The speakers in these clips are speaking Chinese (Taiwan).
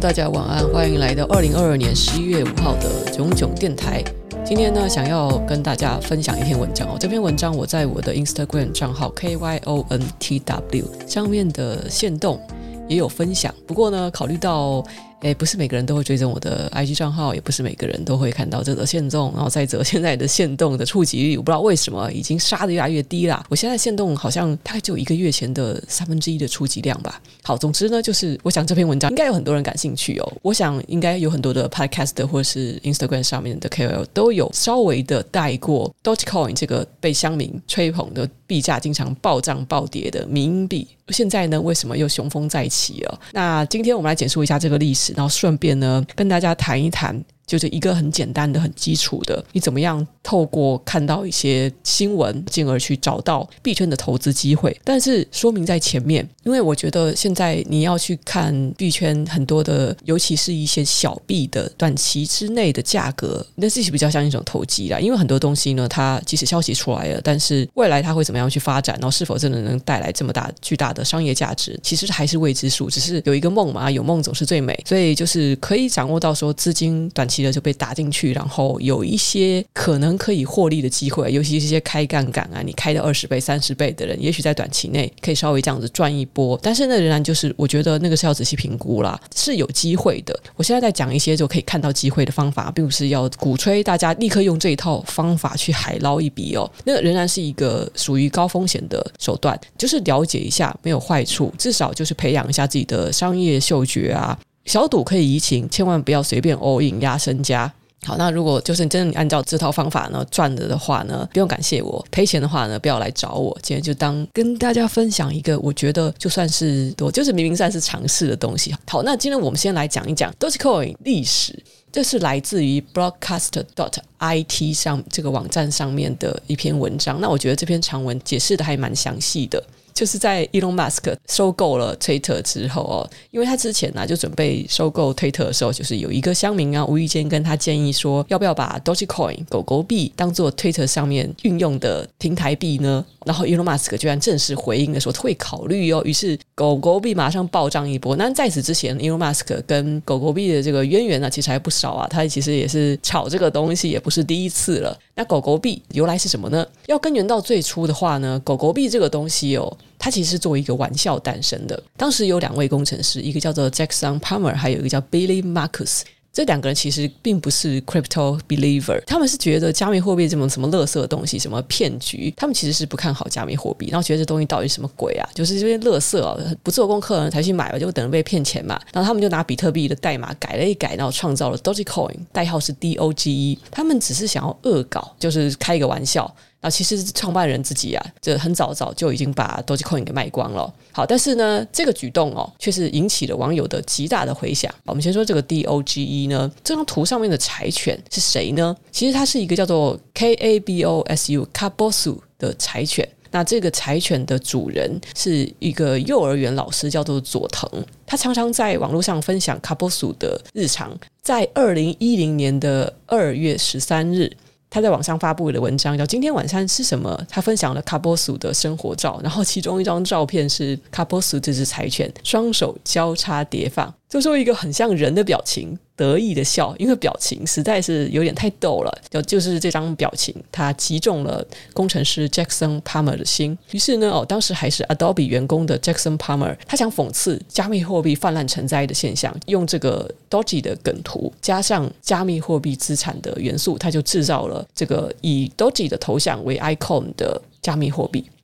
大家晚安，歡迎來到二零二二年十一月五號的囧囧電台。今天呢，想要跟大家分享一篇文章哦。這篇文章我在我的 Instagram 賬號 kyontw 上面的限動也有分享。不過呢，考慮到哎，不是每個人都會追蹤我的 IG 賬號，也不是每個人都會看到這個限動，然後再者現在的限動的觸及率，我不知道為什麼已經殺的越來越低啦。我現在限動好像大概只有一個月前的三分之一的觸及量吧。好，總之呢，就是我想這篇文章應該有很多人感興趣哦。我想應該有很多的 Podcast 或者是 Instagram 上面的 KOL 都有稍微的帶過 Dogecoin 這個被鄉民吹捧的幣價經常暴漲暴跌的迷因幣。現在呢，為什麼又雄風再起啊、哦？那今天我們來簡述一下這個歷史。然後順便呢，跟大家談一談，就是一個很簡單的、很基礎的，你怎麼樣透過看到一些新聞，進而去找到幣圈的投資機會。但是說明在前面，因為我覺得現在你要去看幣圈很多的，尤其是一些小幣的短期之內的價格，那是比較像一種投機啦。因為很多東西呢，它即使消息出來了，但是未來它會怎麼樣去發展，然後是否真的能帶來這麼大巨大的商業價值，其實還是未知數。只是有一個夢嘛，有夢總是最美。所以就是可以掌握到說資金短期。就被打進去，然後有一些可能可以獲利的機會，尤其是一些開槓桿啊，你開到二十倍、三十倍的人，也許在短期內可以稍微這樣子賺一波，但是那仍然就是我覺得那個是要仔細評估啦，是有機會的。我現在在講一些就可以看到機會的方法，並不是要鼓吹大家立刻用這一套方法去海撈一筆哦，那仍然是一個屬於高風險的手段，就是了解一下沒有壞處，至少就是培養一下自己的商業嗅覺啊。小賭可以怡情，千萬不要隨便 all in 壓身家。好，那如果就是真的按照這套方法呢，賺了的話呢，不用感謝我；賠錢的話呢，不要來找我。今天就當跟大家分享一個，我覺得就算是多就是明明算是嘗試的東西。好，那今天我們先來講一講 Dogecoin 歷史，這是來自於 Broadcast dot IT 上這個網站上面的一篇文章。那我覺得這篇長文解釋的還蠻詳細的。就是在 Elon Musk 收購了 Twitter 之後哦，因為他之前呢、啊、就準備收購 Twitter 的時候，就是有一個鄉民啊無意間跟他建議說，要不要把 Dogecoin 狗狗幣當做 Twitter 上面運用的平台幣呢？然後 Elon Musk 居然正式回應的時候，他會考慮哦。於是狗狗幣馬上暴漲一波。那在此之前，Elon Musk 跟狗狗幣的這個淵源呢、啊，其實還不少啊。他其實也是炒這個東西，也不是第一次了。那狗狗幣由來是什麼呢？要根源到最初的話呢，狗狗幣這個東西哦。它其實是作為一個玩笑誕生的。當時有兩位工程師，一個叫做 Jackson Palmer，還有一個叫 Billy Marcus。這兩個人其實並不是 crypto believer，他們是覺得加密貨幣這種什麼垃圾的東西、什麼騙局，他們其實是不看好加密貨幣，然後覺得這東西到底什麼鬼啊？就是這些垃圾啊。不做功課了才去買吧，就等着被騙錢嘛。然後他們就拿比特幣的代碼改了一改，然後創造了 Dogecoin，代號是 D O G E。他們只是想要惡搞，就是開一個玩笑。啊，其實創辦人自己啊，這很早早就已經把 Dogecoin 給賣光了。好，但是呢，這個舉動哦，卻是引起了網友的極大的回響。我們先說這個 Doge 呢，這張圖上面的柴犬是誰呢？其實它是一個叫做 Kabosu Kabosu 的柴犬。那這個柴犬的主人是一個幼兒園老師，叫做佐藤。他常常在網絡上分享 Kabosu 的日常。在二零一零年的二月十三日。他在網上發布了文章叫《今天晚上吃什麼》。他分享了卡波蘇的生活照，然後其中一張照片是卡波蘇這只柴犬雙手交叉疊放。就說一個很像人的表情，得意的笑，因為表情實在是有點太逗了。就就是這張表情，它擊中了工程師 Jackson Palmer 的心。於是呢，哦，當時還是 Adobe 員工的 Jackson Palmer，他想諷刺加密貨幣泛濫成災的現象，用這個 Doge 的梗圖加上加密貨幣資產的元素，他就制造了這個以 Doge 的頭像為 icon 的加密貨幣。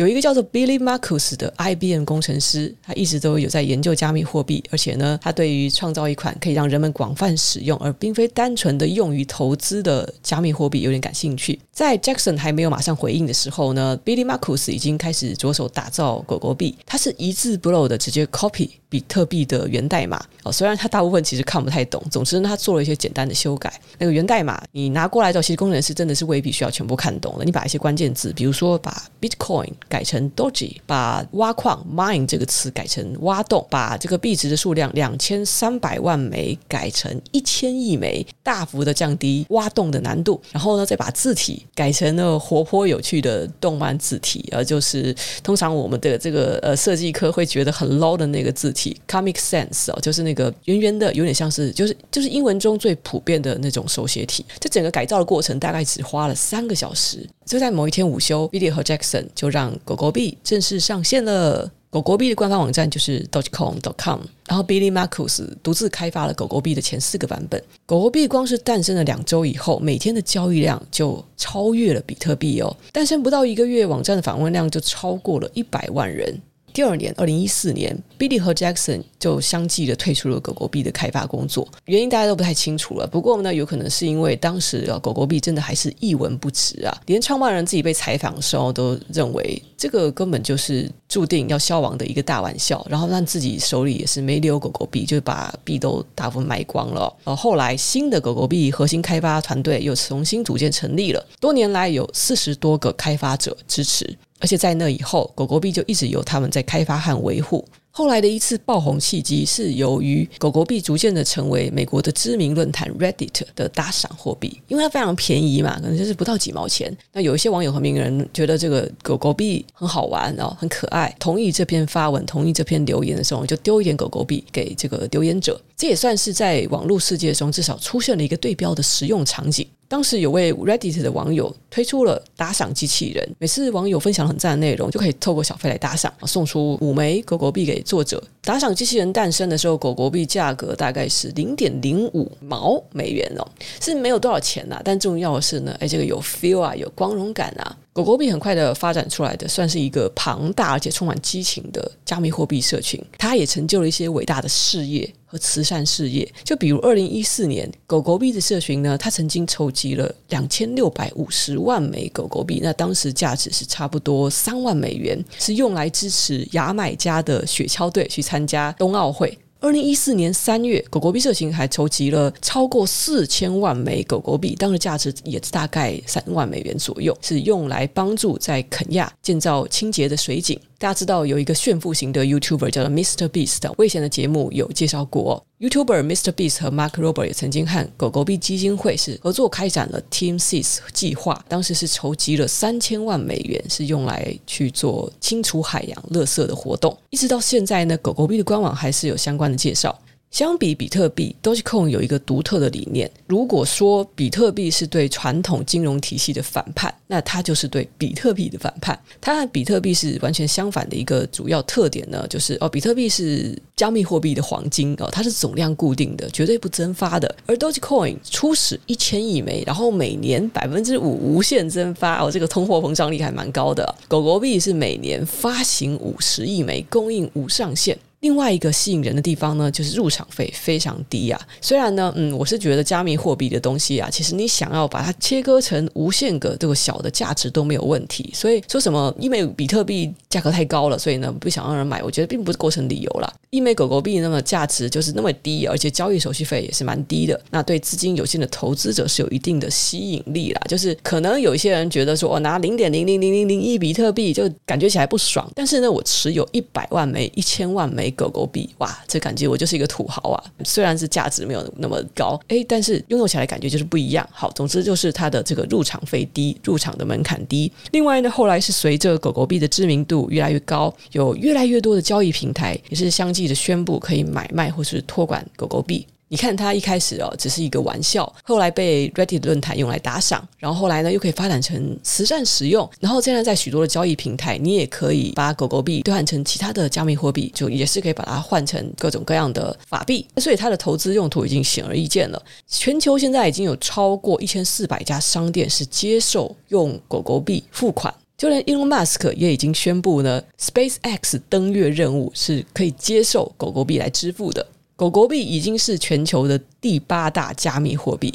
有一個叫做 Billy Marcus 的 IBM 工程師，他一直都有在研究加密貨幣，而且呢，他對於創造一款可以讓人們廣泛使用，而並非單純的用於投資的加密貨幣有點感興趣。在 Jackson 還沒有馬上回應的時候呢，Billy Marcus 已經開始着手打造狗狗幣，他是一字不漏的直接 copy。比特幣的源代碼哦，雖然它大部分其實看不太懂，總之呢，它做了一些簡單的修改。那個源代碼你拿過來之後，其實工程師真的是未必需要全部看懂了。你把一些關鍵字，比如說把 Bitcoin 改成 Doge，把挖礦 Mine 這個詞改成挖洞，把這個幣值的數量兩千三百萬枚改成一千億枚，大幅的降低挖洞的難度。然後呢，再把字體改成了活潑有趣的動漫字體，呃，就是通常我們的這個呃設計科會覺得很 low 的那個字體。S Comic Sans 哦，就是那個圓圓的，有點像是，就是就是英文中最普遍的那種手寫體。這整個改造的過程大概只花了三個小時。就在某一天午休，Billy 和 Jackson 就讓狗狗幣正式上線了。狗狗幣的官方網站就是 dogecoin.com 然後 Billy Marcus 獨自開發了狗狗幣的前四個版本。狗狗幣光是誕生了兩周以後，每天的交易量就超越了比特幣哦。誕生不到一個月，網站的訪問量就超過了一百萬人。第二年，二零一四年，Billy 和 Jackson 就相繼的退出了狗狗幣的開發工作，原因大家都不太清楚了。不過呢，有可能是因為當時啊狗狗幣真的還是一文不值啊，連創辦人自己被採訪的時候都認為這個根本就是。注定要消亡的一個大玩笑，然後讓自己手裡也是沒留狗狗幣，就把幣都大部分賣光了。而後來新的狗狗幣核心開發團隊又重新組建成立了，多年來有四十多個開發者支持，而且在那以後，狗狗幣就一直由他們在開發和維護。後來的一次爆紅契機是由於狗狗幣逐漸的成為美國的知名論壇 Reddit 的打賞貨幣，因為它非常便宜嘛，可能就是不到幾毛錢。那有一些網友和名人覺得這個狗狗幣很好玩哦，很可愛，同意這篇發文、同意這篇留言的時候，我就丟一點狗狗幣給這個留言者，這也算是在網絡世界中至少出現了一個對標的實用場景。當時有位 Reddit 的網友推出了打賞機器人，每次網友分享很讚的內容，就可以透過小費來打賞，送出五枚狗狗幣給作者。打賞機器人誕生的時候，狗狗幣價格大概是零點零五毛美元哦，是沒有多少錢吶啊。但重要的是呢，哎，這個有 feel 啊，有光榮感啊。狗狗幣很快的發展出來的，算是一個龐大而且充滿激情的加密貨幣社群。它也成就了一些偉大的事業和慈善事業，就比如二零一四年，狗狗幣的社群呢，它曾經籌集了兩千六百五十萬枚狗狗幣，那當時價值是差不多三萬美元，是用來支持牙買加的雪橇隊去參加冬奧會。二零一四年三月，狗狗幣社群還籌集了超過四千萬枚狗狗幣，當時價值也是大概三萬美元左右，是用來幫助在肯亞建造清潔的水井。大家知道有一個炫富型的 YouTuber 叫做 Mr. Beast，的我以前的節目有介紹過。YouTuber Mr. Beast 和 Mark Robert 也曾經和狗狗幣基金會是合作開展了 Team Seas 計劃，當時是籌集了三千萬美元，是用來去做清除海洋垃圾的活動。一直到現在呢，狗狗幣的官網還是有相關的介紹。相比比特幣，Dogecoin 有一個獨特的理念。如果說比特幣是對傳統金融體系的反叛，那它就是對比特幣的反叛。它和比特幣是完全相反的，一個主要特點呢，就是哦，比特幣是加密貨幣的黃金哦，它是總量固定的，絕對不增發的。而 Dogecoin 初始一千億枚，然後每年百分之五無限增發哦，這個通貨膨脹率還蠻高的。狗狗幣是每年發行五十億枚，供應無上限。另外一個吸引人的地方呢，就是入場費非常低啊。雖然呢，嗯，我是覺得加密貨幣的東西啊,其實你想要把它切割成無限個這個小的價值都沒有問題。所以說什麼，因為比特幣價格太高了，所以呢不想讓人買，我覺得並不是構成理由啦。因為狗狗幣那麼價值就是那麼低，而且交易手續費也是蠻低的，那對資金有限的投資者是有一定的吸引力啦。就是可能有一些人覺得說我、哦、拿零點零零零零零一比特幣就感覺起來不爽，但是呢，我持有一百萬枚、一千萬枚。狗狗幣，哇，這感覺我就是一個土豪啊！雖然是價值沒有那麼高，誒，但是擁有起來感覺就是不一樣。好，總之就是它的這個入場費低，入場的門檻低。另外呢，後來是隨着狗狗幣的知名度越來越高，有越來越多的交易平台也是相繼的宣布可以買賣或是托管狗狗幣。你看，它一開始哦，只是一個玩笑，後來被 Reddit 論壇用來打賞，然後後來呢，又可以發展成慈善使用，然後現在在許多的交易平台，你也可以把狗狗幣兌換成其他的加密貨幣，就也是可以把它換成各種各樣的法幣，所以它的投資用途已經顯而易見了。全球現在已經有超過一千四百家商店是接受用狗狗幣付款，就連 Elon Musk 也已經宣布呢，SpaceX 登月任務是可以接受狗狗幣來支付的。狗狗幣已經是全球的第八大加密貨幣，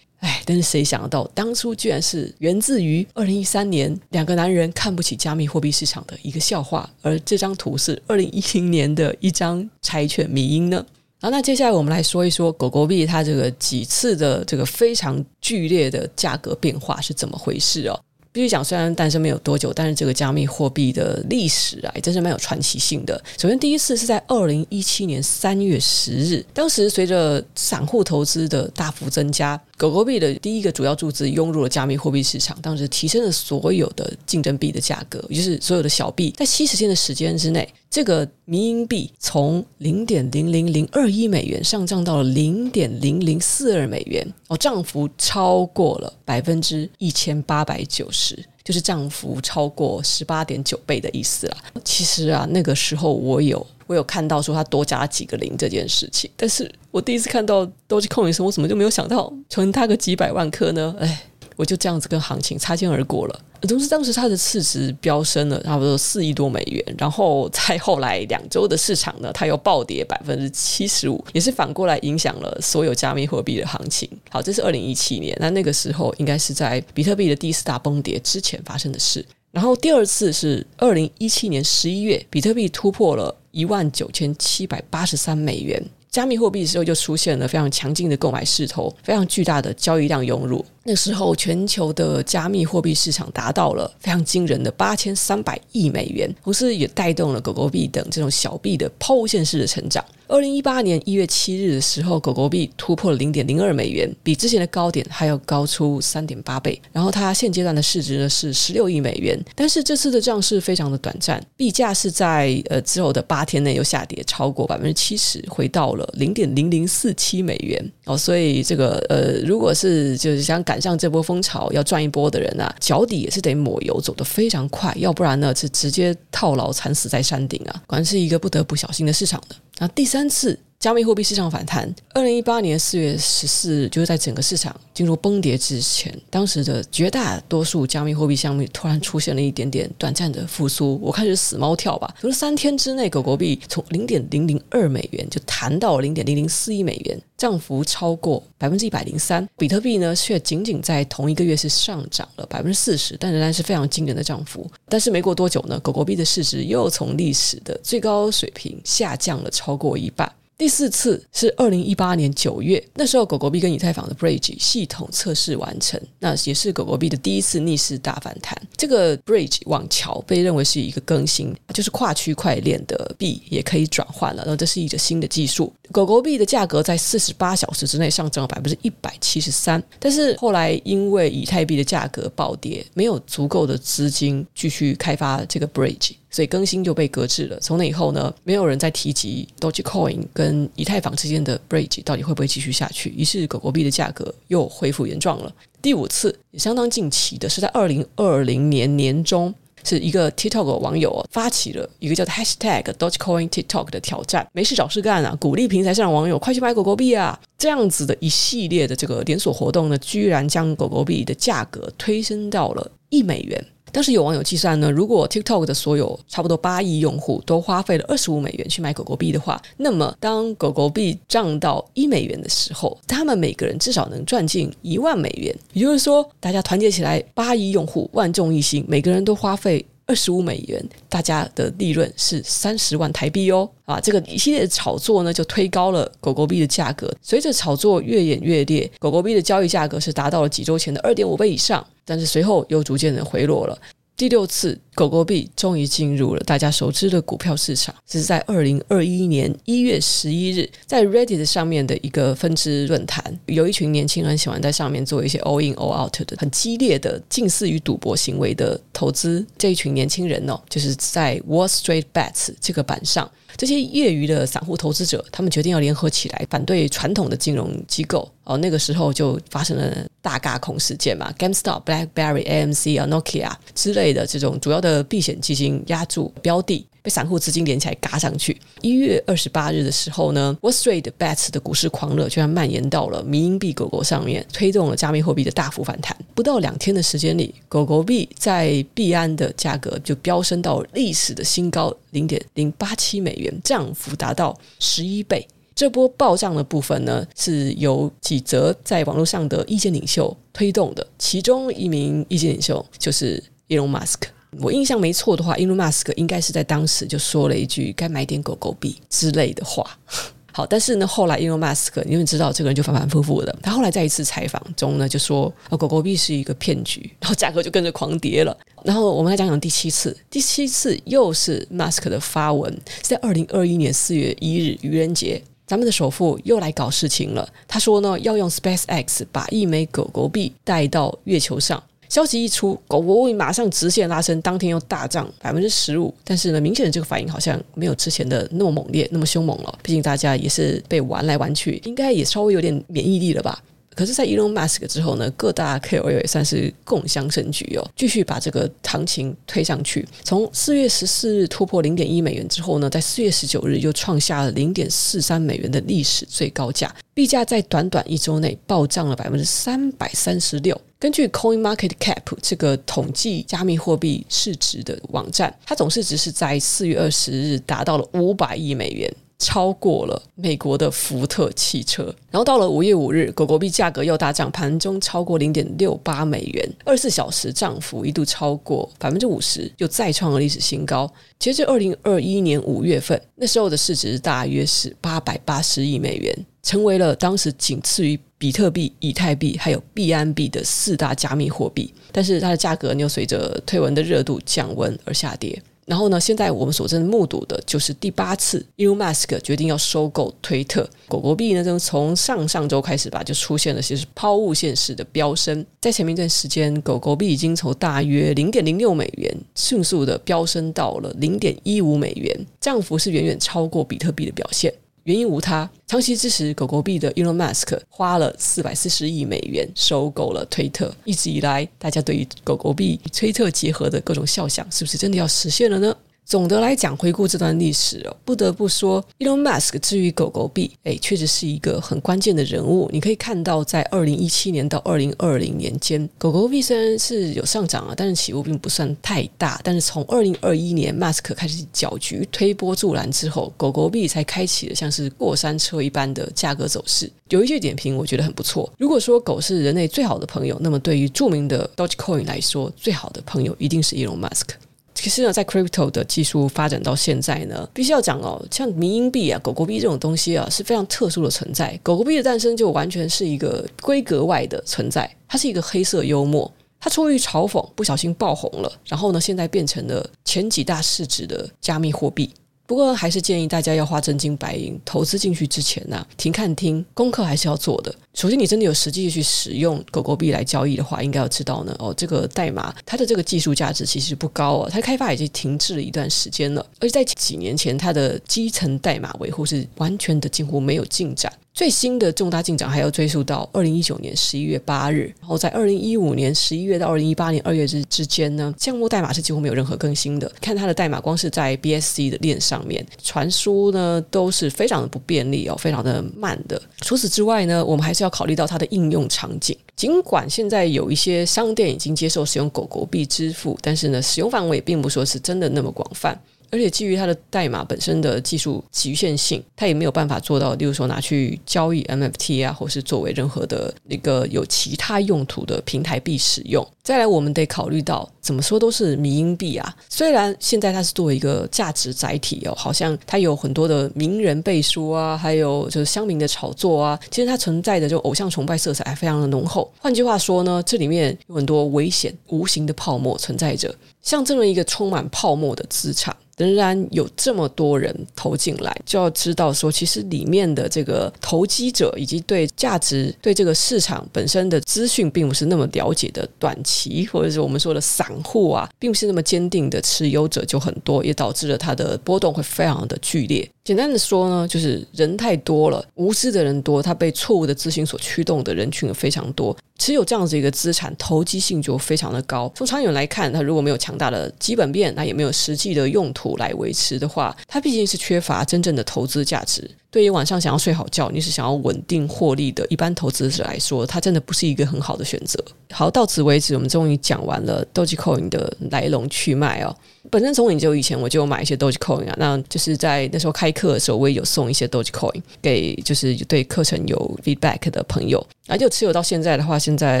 哎，但是誰想到當初居然是源自於二零一三年兩個男人看不起加密貨幣市場的一個笑話，而這張圖是二零一零年的一張柴犬迷因呢。好，那接下來我們來說一說狗狗幣它這個幾次的這個非常劇烈的價格變化是怎麼回事哦。必須講，雖然誕生沒有多久，但是這個加密貨幣的歷史啊，也真是蠻有傳奇性的。首先，第一次是在二零一七年三月十日，當時隨着散戶投資的大幅增加，狗狗幣的第一個主要注資湧入了加密貨幣市場，當時提升了所有的競爭幣的價格，也就是所有的小幣，在七十天的時間之內，這個迷因幣從零點零零零二一美元上漲到了零點零零四二美元，哦，漲幅超過了百分之一千八百九十。就是漲幅超過十八點九倍的意思啦。其實啊，那個時候我有我有看到說他多加幾個零這件事情，但是我第一次看到 Dogecoin 的時候，我怎麼就沒有想到存他個幾百萬顆呢？哎。我就這樣子跟行情擦肩而過了，同時當時它的市值飆升了差不多四億多美元，然後再後來兩周的市場呢，它又暴跌百分之七十五，也是反過來影響了所有加密貨幣的行情。好，這是二零一七年，那那個時候應該是在比特幣的第四大崩跌之前發生的事。然後第二次是二零一七年十一月，比特幣突破了一萬九千七百八十三美元，加密貨幣的時候就出現了非常強勁的購買勢頭，非常巨大的交易量湧入。那時候，全球的加密貨幣市場達到了非常驚人的八千三百億美元，同時也帶動了狗狗幣等這種小幣的拋物線式的成長。二零一八年一月七日的時候，狗狗幣突破了零點零二美元，比之前的高點還要高出三點八倍。然後它現階段的市值呢，是十六億美元，但是這次的漲勢非常的短暫，幣價是在呃之後的八天內又下跌超過百分之七十，回到了零點零零四七美元哦。所以這個呃，如果是就是想感。像這波風潮要賺一波的人啊，腳底也是得抹油，走得非常快，要不然呢是直接套牢，慘死在山頂啊！果然是一個不得不小心的市場的。那第三次。加密貨幣市場反彈。二零一八年四月十四日，就是在整個市場進入崩跌之前，當時的絕大多數加密貨幣項目突然出現了一點點短暫的復甦，我看是死貓跳吧。從三天之內，狗狗幣從零點零零二美元就彈到零點零零四一美元，漲幅超過百分之一百零三。比特幣呢，卻僅僅在同一個月是上漲了百分之四十，但仍然是非常驚人的漲幅。但是沒過多久呢，狗狗幣的市值又從歷史的最高水平下降了超過一半。第四次是二零一八年九月，那時候狗狗幣跟以太坊的 Bridge 系統測試完成，那也是狗狗幣的第一次逆勢大反彈。這個 Bridge 網橋被認為是一個更新，就是跨區塊鏈的幣也可以轉換了，然後這是一個新的技術。狗狗幣的價格在四十八小時之內上漲了百分之一百七十三，但是後來因為以太幣的價格暴跌，沒有足夠的資金繼續開發這個 Bridge。所以更新就被擱置了。從那以後呢，沒有人再提及 Dogecoin 跟以太坊之間的 Bridge，到底會不會繼續下去？於是狗狗幣的價格又恢復原狀了。第五次也相當近期的是在二零二零年年中，是一個 TikTok 網友發起了一個叫做 Hashtag Dogecoin TikTok 的挑戰，沒事找事幹啊，鼓勵平台上網友快去買狗狗幣啊，這樣子的一系列的這個連鎖活動呢，居然將狗狗幣的價格推升到了一美元。但是有網友計算呢，如果 TikTok 的所有差不多八億用戶都花費了二十五美元去買狗狗幣的話，那麼當狗狗幣漲到一美元的時候，他們每個人至少能賺進一萬美元。也就是說，大家團結起來，八億用戶萬眾一心，每個人都花費。二十五美元，大家的利潤是三十萬台幣哦。啊，這個一系列的炒作呢，就推高了狗狗幣的價格。隨着炒作越演越烈，狗狗幣的交易價格是達到了幾週前的二點五倍以上，但是隨後又逐漸的回落了。第六次狗狗幣終於進入了大家熟知的股票市場，是在二零二一年一月十一日，在 Reddit 上面的一個分支論壇，有一群年輕人喜歡在上面做一些 all in all out 的很激烈的近似於賭博行為的投資。這一群年輕人呢、哦，就是在 Wall Street Bets 這個版上。這些業餘的散戶投資者，他們決定要聯合起來反對傳統的金融機構。哦，那個時候就發生了大軋空事件嘛，GameStop、Game Blackberry、AMC 啊、Nokia 之類的這種主要的避險基金押注標的。被散戶資金連起來嘎上去。一月二十八日的時候呢，Wall Street b a t s 的股市狂熱居然蔓延到了名幣狗狗上面，推動了加密貨幣的大幅反彈。不到兩天的時間裡，狗狗幣在幣安的價格就飆升到歷史的新高零點零八七美元，漲幅達到十一倍。這波暴漲的部分呢，是由幾則在網絡上的意見領袖推動的，其中一名意見領袖就是 Elon 隆馬斯克。我印象沒錯的話，Elon Musk 應該是在當時就說了一句“該買點狗狗幣”之類的話。 好，但是呢，後來 Elon Musk，你們知道這個人就反反复复的。他後來在一次採訪中呢，就說“呃、狗狗幣是一個騙局”，然後價格就跟着狂跌了。然後我們來講講第七次，第七次又是 Musk 的發文是在二零二一年四月一日愚人節，咱們的首富又來搞事情了。他說呢，要用 SpaceX 把一枚狗狗幣帶到月球上。消息一出，狗狗幣馬上直線拉升，當天又大漲百分之十五。但是呢，明顯的這個反應好像沒有之前的那麼猛烈，那麼凶猛了。畢竟大家也是被玩來玩去，應該也稍微有點免疫力了吧。可是，在 Elon Musk 之後呢，各大 KOL 也算是共襄盛舉哦，繼續把這個行情推上去。從四月十四日突破零點一美元之後呢，在四月十九日又創下了零點四三美元的歷史最高價，幣價在短短一周內暴漲了百分之三百三十六。根據 Coin Market Cap 這個統計加密貨幣市值的網站，它總市值是在四月二十日達到了五百億美元。超過了美國的福特汽車，然後到了五月五日，狗狗幣價格又大漲，盤中超過零點六八美元，二十四小時漲幅一度超過百分之五十，又再創了歷史新高。截至二零二一年五月份那時候的市值大約是八百八十億美元，成為了當時僅次於比特幣、以太幣還有幣安幣的四大加密貨幣。但是，它的價格又隨着推文的熱度降溫而下跌。然後呢？現在我們所正目睹的就是第八次，Elon Musk 決定要收購推特。狗狗幣呢，就從上上周開始吧，就出現了其實拋物線式的飆升。在前面一段時間，狗狗幣已經從大約零點零六美元迅速的飆升到了零點一五美元，漲幅是遠遠超過比特幣的表現。原因無他，長期支持狗狗幣的 Elon Musk 花了四百四十億美元收購了推特。一直以來，大家對於狗狗幣與推特結合的各種笑想，是不是真的要實現了呢？總的來講，回顧這段歷史哦，不得不說，Elon Musk 之於狗狗幣，哎，確實是一個很關鍵的人物。你可以看到，在二零一七年到二零二零年間，狗狗幣雖然是有上漲了，但是起伏並不算太大。但是從二零二一年，Musk 開始攪局、推波助瀾之後，狗狗幣才開啟了像是過山車一般的價格走勢。有一些點評我覺得很不錯。如果說狗是人類最好的朋友，那麼對於著名的 Dogecoin 來說，最好的朋友一定是 Elon Musk。其實呢，在 crypto 的技術發展到現在呢，必須要講哦，像迷因幣啊、狗狗幣這種東西啊，是非常特殊的存在。狗狗幣的誕生就完全是一個規格外的存在，它是一個黑色幽默，它出於嘲諷，不小心爆紅了，然後呢，現在變成了前幾大市值的加密貨幣。不過還是建議大家要花真金白銀投資進去之前呢，啊，停看聽，功課還是要做的。首先，你真的有實際去使用狗狗幣來交易的話，應該要知道呢，哦，這個代碼它的這個技術價值其實不高啊，它開發已經停滯了一段時間了，而且在幾年前它的基層代碼維護是完全的幾乎沒有進展。最新的重大進展還要追溯到二零一九年十一月八日，然後在二零一五年十一月到二零一八年二月之之間呢，項目代碼是幾乎沒有任何更新的。看它的代碼，光是在 BSC 的鏈上面傳輸呢，都是非常的不便利哦，非常的慢的。除此之外呢，我們還是要考慮到它的應用場景。儘管現在有一些商店已經接受使用狗狗幣支付，但是呢，使用範圍也並不說是真的那麼廣泛。而且基於它的代碼本身的技術局限性，它也沒有辦法做到，例如說拿去交易 NFT 啊，或是作為任何的一個有其他用途的平台幣使用。再來，我們得考慮到，怎麼說都是迷因幣啊。雖然現在它是作為一個價值載體哦，好像它有很多的名人背書啊，還有就是鄉民的炒作啊。其實它存在的就偶像崇拜色彩還非常的濃厚。換句話說呢，這裡面有很多危險、無形的泡沫存在着。像這麼一個充滿泡沫的資產，仍然有這麼多人投進來，就要知道說，其實裡面的這個投機者以及對價值、對這個市場本身的資訊並不是那麼了解的短期或者是我們說的散戶啊，並不是那麼堅定的持有者就很多，也導致了它的波動會非常的劇烈。簡單的說呢，就是人太多了，無知的人多，他被錯誤的資訊所驅動的人群也非常多，持有這樣子一個資產，投機性就非常的高。從長遠來看，它如果沒有強大的基本面，那也沒有實際的用途來維持的話，它畢竟是缺乏真正的投資價值。對於晚上想要睡好覺，你是想要穩定獲利的一般投資者來說，它真的不是一個很好的選擇。好，到此為止，我們終於講完了 Dogecoin 的來龍去脈哦。本身從很久以前我就買一些 Dogecoin 啊，那就是在那時候開課的時候，我也有送一些 Dogecoin 給就是對課程有 feedback 的朋友，啊，就持有到現在的話，現在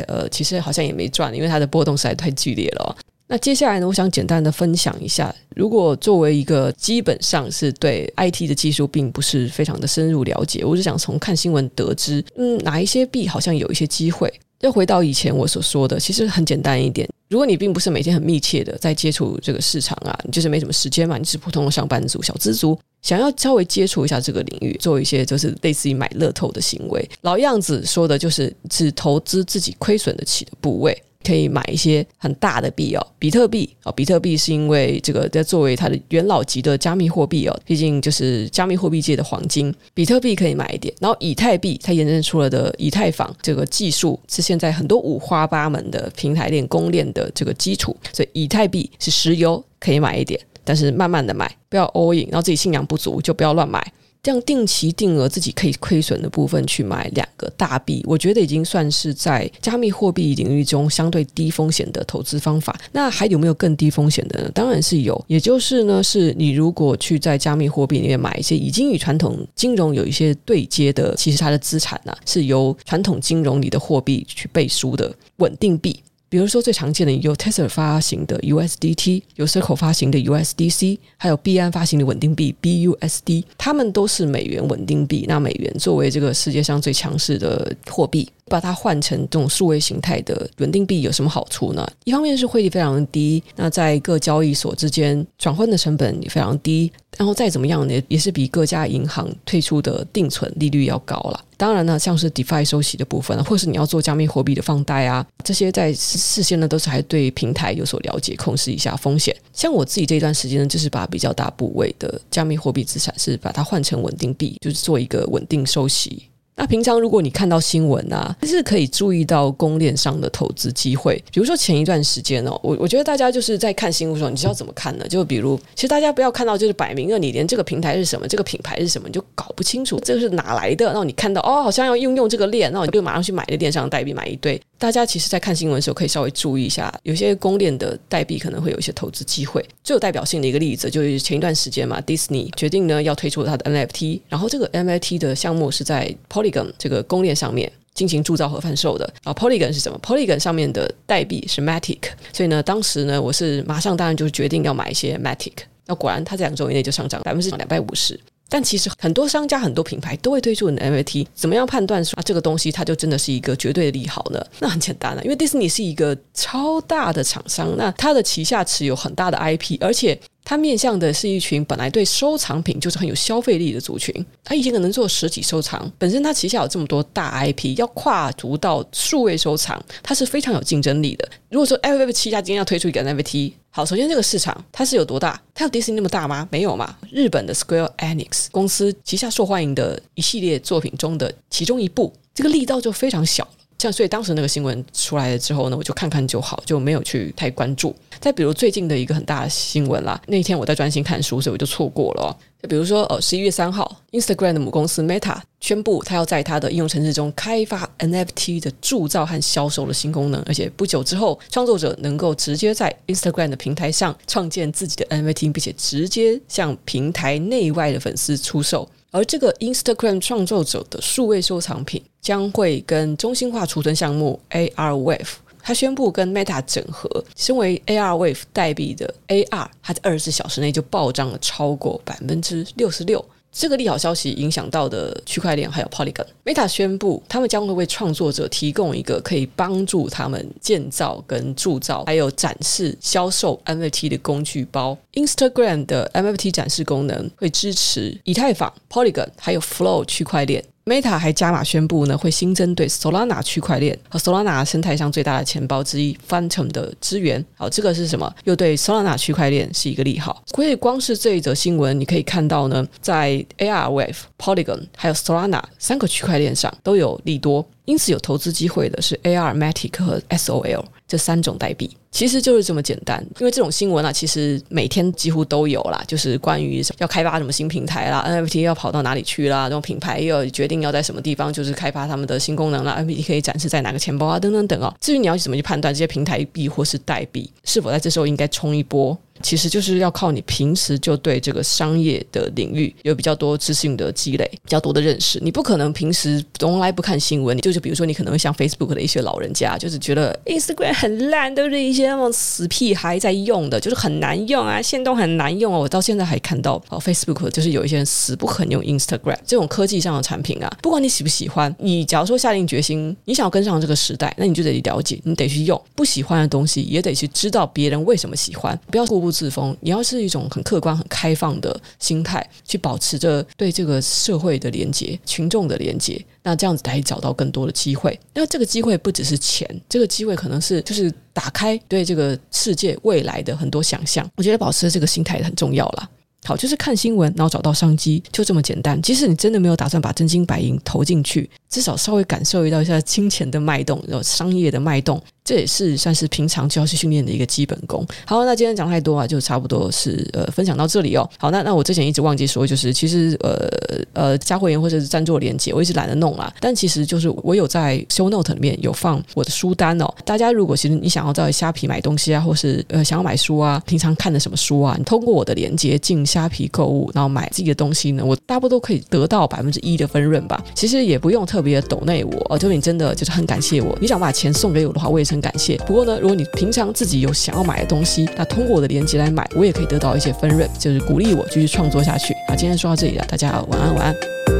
呃其實好像也沒賺，因為它的波動實在太劇烈了。那接下來呢，我想簡單的分享一下，如果作為一個基本上是對 IT 的技術並不是非常的深入了解，我是想從看新聞得知，嗯，哪一些幣好像有一些機會。就回到以前我所說的，其實很簡單一點。如果你並不是每天很密切的在接觸這個市場啊，你就是沒什麼時間嘛，你是普通的上班族、小資族，想要稍微接觸一下這個領域，做一些就是類似於買樂透的行為。老樣子說的就是只投資自己虧損得起的部位。可以買一些很大的幣哦，比特幣哦，比特幣是因為這個在作為它的元老級的加密貨幣哦，畢竟就是加密貨幣界的黃金，比特幣可以買一點。然後以太幣，它衍生出了的以太坊這個技術，是現在很多五花八門的平台鏈公鏈的這個基礎，所以以太幣是石油，可以買一點，但是慢慢的買，不要 all in，然後自己信仰不足就不要亂買。這樣定期定額自己可以虧損的部分去買兩個大幣，我覺得已經算是在加密貨幣領域中相對低風險的投資方法。那還有沒有更低風險的呢？當然是有，也就是呢，是你如果去在加密貨幣裡面買一些已經與傳統金融有一些對接的，其實它的資產呢、啊、是由傳統金融裡的貨幣去背書的穩定幣。比如說，最常見的有 Tether 發行的 USDT，有 Circle 發行的 USDC，還有幣安發行的穩定幣 BUSD，它們都是美元穩定幣，那美元作為這個世界上最強勢的貨幣。把它換成這種數位形態的穩定幣有什麼好處呢？一方面是匯率非常的低，那在各交易所之間轉換的成本也非常低，然後再怎麼樣呢？也是比各家銀行推出的定存利率要高了。當然呢，像是 DeFi 收息的部分，或是你要做加密貨幣的放貸啊，這些在事先呢都是還對平台有所了解，控制一下風險。像我自己這段時間呢，就是把比較大部位的加密貨幣資產是把它換成穩定幣，就是做一個穩定收息。那平常如果你看到新聞啊，是可以注意到公鏈上的投資機會。比如說前一段時間哦，我我覺得大家就是在看新聞的時候，你知道怎麼看呢？就比如，其實大家不要看到就是擺明了你連這個平台是什麼，這個品牌是什麼，你就搞不清楚這個是哪來的。然後你看到哦，好像要應用這個鏈，那我就馬上去買個電商代幣，買一堆。大家其實，在看新聞的時候，可以稍微注意一下，有些公鏈的代幣可能會有一些投資機會。最有代表性的一個例子，就是前一段時間嘛，Disney 決定呢要推出它的 NFT，然後這個 NFT 的項目是在 Polygon 這個公鏈上面進行鑄造和販售的。然後，啊，Polygon 是什麼？Polygon 上面的代幣是 MATIC，所以呢，當時呢，我是馬上當然就決定要買一些 MATIC。那果然，它在兩週以內就上漲百分之兩百五十。但其實很多商家、很多品牌都會推出 NFT 怎麼樣判斷說啊，這個東西它就真的是一個絕對的利好呢？那很簡單了，啊，因為 Disney 是一個超大的廠商，那它的旗下持有很大的 IP，而且。它面向的是一群本來對收藏品就是很有消費力的族群。它以前可能做實體收藏，本身它旗下有這麼多大 IP，要跨足到數位收藏，它是非常有競爭力的。如果說 FF7 家今天要推出一個 NFT，好，首先這個市場它是有多大？它有迪士尼那麼大嗎？沒有嘛。日本的 Square Enix 公司旗下受歡迎的一系列作品中的其中一部，這個力道就非常小。像所以當時那個新聞出來了之後呢，我就看看就好，就沒有去太關注。再比如最近的一個很大的新聞啦，那一天我在專心看書，所以我就錯過了哦。就比如說呃，十一月三號，Instagram 的母公司 Meta 宣布，它要在它的應用程式中開發 NFT 的鑄造和銷售的新功能，而且不久之後，創作者能夠直接在 Instagram 的平台上創建自己的 NFT，並且直接向平台內外的粉絲出售。而這個 Instagram 創作者的數位收藏品將會跟中心化儲存項目 Arweave，他宣布跟 Meta 整合，身為 Arweave 代幣的 AR，他在二十四小時內就暴漲了超過百分之六十六。這個利好消息影響到的區塊鏈還有 Polygon，Meta 宣布他們將會為創作者提供一個可以幫助他們建造、跟鑄造、還有展示、銷售 NFT 的工具包。Instagram 的 NFT 展示功能會支持以太坊、Polygon 還有 Flow 區塊鏈。Meta 還加碼宣布呢，會新增對 Solana 區塊鏈和 Solana 生態上最大的錢包之一 Phantom 的支援。好，這個是什麼？又對 Solana 區塊鏈是一個利好。所以光是這一則新聞，你可以看到呢，在 Arweave、Polygon 還有 Solana 三個區塊鏈上都有利多，因此有投資機會的是 AR、Matic 和 SOL。這三種代幣其實就是這麼簡單，因為這種新聞啊，其實每天幾乎都有啦，就是關於要開發什麼新平台啦，NFT 要跑到哪裡去啦，然後品牌又決定要在什麼地方，就是開發他們的新功能啦，NFT 可以展示在哪個錢包啊，等等等哦。至於你要怎麼去判斷這些平台幣或是代幣是否在這時候應該衝一波？其實就是要靠你平時就對這個商業的領域有比較多知識性的積累，比較多的認識。你不可能平時從來不看新聞，就是比如說你可能會像 Facebook 的一些老人家，就是覺得 Instagram 很爛，都是一些那種死屁孩在用的，就是很難用啊，限動很難用啊。我到現在還看到 Facebook 就是有一些人死不肯用 Instagram 這種科技上的產品啊。不管你喜不喜歡，你假如說下定決心，你想要跟上這個時代，那你就得了解，你得去用。不喜歡的東西也得去知道別人為什麼喜歡，不要過問自封，你要是一種很客觀、很開放的心態，去保持着對這個社會的連接、群眾的連接，那這樣子才可以找到更多的機會。那這個機會不只是錢，這個機會可能是就是打開對這個世界未來的很多想象。我覺得保持着這個心態也很重要啦。好，就是看新聞，然後找到商機，就這麼簡單。即使你真的沒有打算把真金白銀投進去，至少稍微感受一一下金錢的脈動，有商業的脈動。這也是算是平常就要去訓練的一個基本功。好，那今天講太多啊，就差不多是呃分享到這裡哦。好，那那我之前一直忘記說，就是其實呃呃加會員或者是贊助連接，我一直懶得弄啦、啊，但其實就是我有在 Show Note 裡面有放我的書單哦。大家如果其實你想要在蝦皮買東西啊，或是呃想要買書啊，平常看的什麼書啊，你通過我的連接進蝦皮購物，然後買自己的東西呢，我大部分都可以得到百分之一的分潤吧。其實也不用特別抖內我，呃，就是、你真的就是很感謝我，你想把錢送給我的話，我也很感謝。不過呢，如果你平常自己有想要買的東西，那通過我的鏈接來買，我也可以得到一些分潤，就是鼓勵我繼續創作下去。啊，今天說到這裡了，大家晚安，晚安。